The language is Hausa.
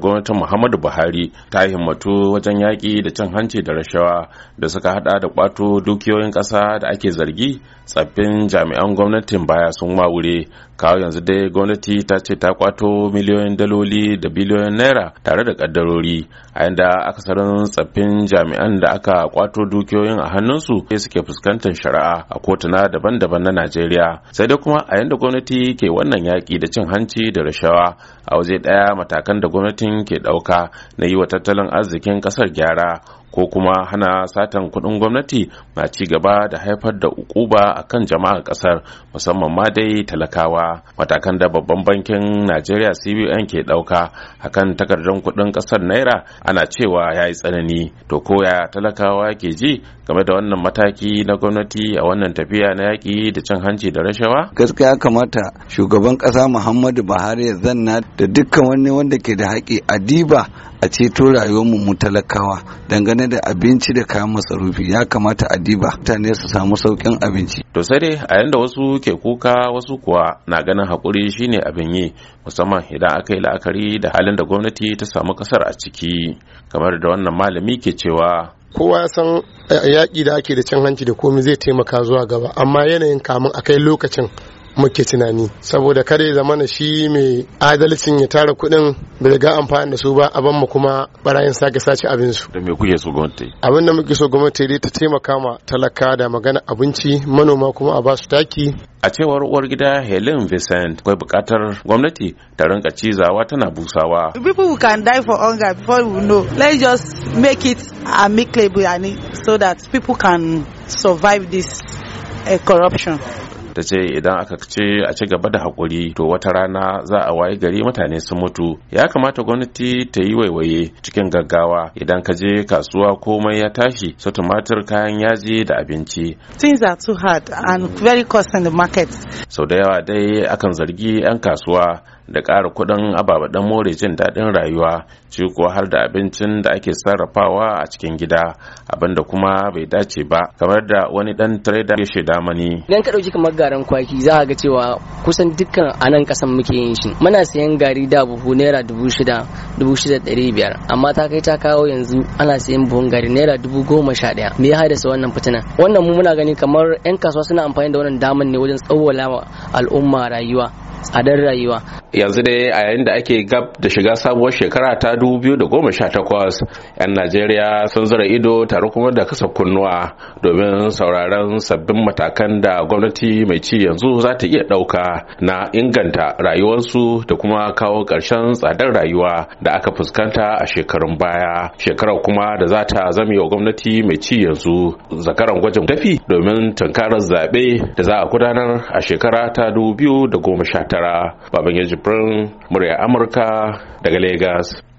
gwamnatin muhammadu buhari ta himmatu wajen yaƙi da cin hanci da rashawa da suka hada da kwato dukiyoyin ƙasa da ake zargi tsaffin jami'an gwamnatin baya sun wure kawo yanzu dai gwamnati ta ce ta kwato miliyoyin daloli da biliyoyin naira tare da kaddarori a inda, akasarin tsaffin jami'an da aka kwato dukiyoyin a hannunsu sai suke fuskantar shari'a a kotuna daban-daban na najeriya sai dai kuma a yanda gwamnati ke wannan yaƙi da cin hanci da rashawa a waje ɗaya matakan da gwamnati. lokacin ke ɗauka na yi wa tattalin arzikin ƙasar gyara ko kuma hana satan kuɗin gwamnati na ci gaba da haifar da ukuba a kan jama'ar ƙasar musamman ma dai talakawa matakan da babban bankin najeriya cbn ke ɗauka akan takardar kuɗin ƙasar naira ana cewa ya yi tsanani to koya talakawa ke ji game da wannan mataki na gwamnati a wannan tafiya na yaƙi da cin hanci da rashawa gaskiya kamata shugaban ƙasa muhammadu buhari ya zanna da dukkan wani wanda ke da haƙi a Diba. a ceto rayuwarmu mu talakawa dangane da abinci da kayan masarufi ya kamata a diba mutane su samu sauƙin abinci. To sai dai a yanda wasu ke kuka wasu kuwa na ganin haƙuri shine abin yi musamman idan aka yi la'akari da halin da gwamnati ta samu ƙasar a ciki kamar da wannan malami ke cewa kowa ya san eh, yaƙi da ake da cin hanci da komai zai taimaka zuwa gaba amma yanayin kamun a kai lokacin muke tunani saboda kare zamana shi mai adalcin ya tara kuɗin bai riga amfani da su ba a mu kuma barayin sake sace abin su da me kuke so gwamnati abin da muke so gwamnati dai ta taimaka ma talaka da magana abinci manoma kuma a ba taki a cewar uwar gida Helen Vincent akwai bukatar gwamnati ta rinka cizawa tana busawa people can die for hunger before we know let's just make it amicable so that people can survive this uh, corruption ta ce idan aka ce a ci gaba da hakuri to wata rana za a waye gari mutane sun mutu ya kamata gwamnati ta yi waiwaye cikin gaggawa idan ka je kasuwa komai ya tashi su tumatir kayan yaji da abinci things are too hard and very cost in the market sau da yawa dai akan zargi 'yan kasuwa da ƙara kuɗin ababen more jin daɗin rayuwa ci ko har da abincin da ake sarrafawa a cikin gida abinda kuma bai dace ba kamar da wani ɗan trader ya shaida mani idan ka ɗauki kamar garin kwaki za ka ga cewa kusan dukkan a nan ƙasan muke yin shi muna sayan gari da buhu naira dubu shida dubu shida ɗari biyar amma ta kai ta kawo yanzu ana sayan buhun gari naira dubu goma sha ɗaya me ya haddasa wannan fitina wannan mu muna gani kamar 'yan kasuwa suna amfani da wannan daman ne wajen tsawwala al'umma rayuwa tsadar rayuwa yanzu dai a yayin da ake gab da shiga sabuwar shekara ta 2018 'yan najeriya sun zura ido tare kuma da kasa kunnuwa domin sauraron sabbin matakan da gwamnati mai ci yanzu za ta iya ɗauka na inganta rayuwarsu da kuma kawo ƙarshen tsadar rayuwa da aka fuskanta a shekarun baya shekarar kuma da za ta zame wa gwamnati mai ci yanzu zakaran gwajin tafi domin tunkarar zaɓe da za a gudanar a shekara ta 2019 baban jibrin muryar amurka daga Legas.